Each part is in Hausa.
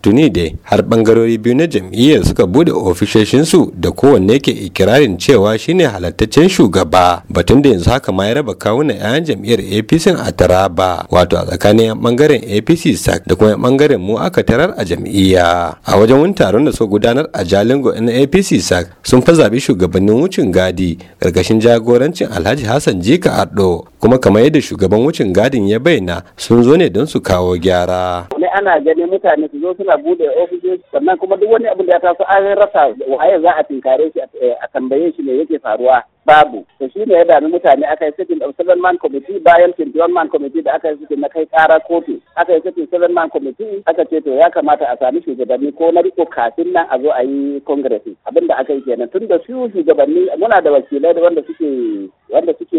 tuni dai har bangarori biyu na jam'iyyar suka bude ofisoshinsu da kowanne ke ikirarin cewa shine halattaccen shugaba batun da yanzu haka ma ya raba kawunan 'yan jam'iyyar apc a taraba wato a tsakanin 'yan bangaren apc sac da kuma 'yan bangaren mu aka tarar a jam'iyya a wajen wani taron da suka gudanar a jalingo na apc sac sun fa zaɓi shugabannin wucin gadi ƙarƙashin jagorancin alhaji hassan jika addo kuma kamar yadda shugaban wucin gadin ya bayyana sun zo ne don su kawo gyara. ne ana ganin mutane su zo suna bude ofishin sannan kuma duk wani abin da ya taso an rasa waye za a tinkare shi eh, a tambaye shi ne yake faruwa babu to shi ne ya dami mutane aka yi sitting of seven man committee bayan twenty one man committee da aka yi sitting na kai kara kotu aka yi sitting seven man committee aka ce to ya kamata a sami shugabanni ko na riko kafin nan a zo a yi congress abin da aka yi kenan tun da su shugabanni muna da wakilai da wanda suke wanda suke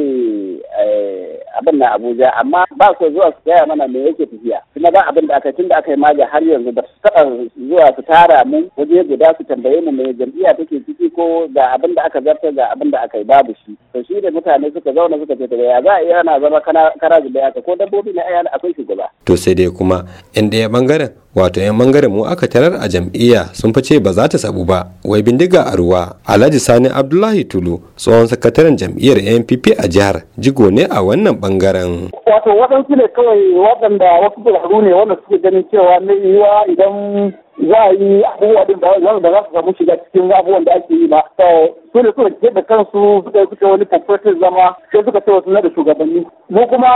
eh, abin na Abuja amma ba su zuwa su gaya mana me yake tafiya kuma ba abin da aka tun da aka yi maja har yanzu ba su taɓa zuwa su tara mu waje guda su tambaye mu me jam'iyya take ciki ko ga abin da aka zarta ga abin da aka yi babu shi to shi da mutane suka zauna suka ce ya za a iya ana zama da zuba ko dabbobi na ayyana akwai shugaba. to sai dai kuma in ɗaya bangaren wato yan bangaren mu aka tarar a jam'iyya sun fice ba za ta sabu ba wai bindiga a ruwa alhaji sani abdullahi tulu tsohon sakataren jam'iyyar npp a jihar jigo ne a wannan bangaren wato waɗansu ne kawai waɗanda wasu tsararru ne wanda suke ganin cewa na yiwuwa idan za a yi abubuwa din da za su samu shiga cikin abubuwan da ake yi ba su da suka ce da kansu suka suka wani corporative zama sai suka ce wasu na da shugabanni mu kuma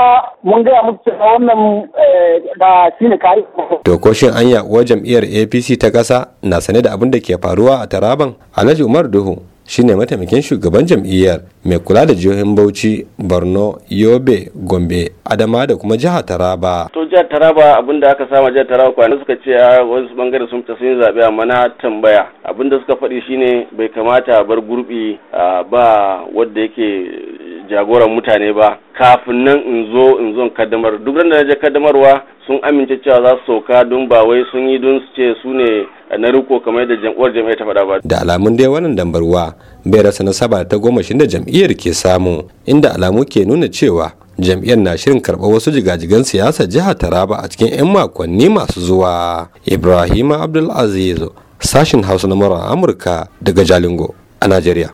mun gaya musu cewa wannan eh, ba shi ne kare to ko shin anya uwar jam'iyyar APC ta ƙasa na sane da abin da ke faruwa a Taraban Alhaji Umar Duhu shine mataimakin shugaban jam'iyyar mai kula da jihohin bauchi borno yobe gombe adama da kuma jihar taraba to jihar taraba abinda aka sama jihar taraba kwanan suka ce a ah, wasu bangare sun fita sun zaɓe amma na tambaya da suka faɗi shine bai kamata bar gurbi ba wanda yake jagoran mutane ba kafin nan in zo in zo kaddamar duk da na je kaddamarwa sun amince cewa za su sauka don ba wai sun yi don su ce su ne na riko kamar yadda jam'iyyar jam'iyyar ta faɗa ba. Da alamun dai wannan dambarwa bai rasa nasaba ta goma shi da jam'iyyar ke samu inda alamu ke nuna cewa jam'iyyar na shirin karɓar wasu jigajigan siyasa jihar Taraba a cikin 'yan makonni masu zuwa. Ibrahim Abdulaziz sashin Hausa na Amurka daga Jalingo a Najeriya.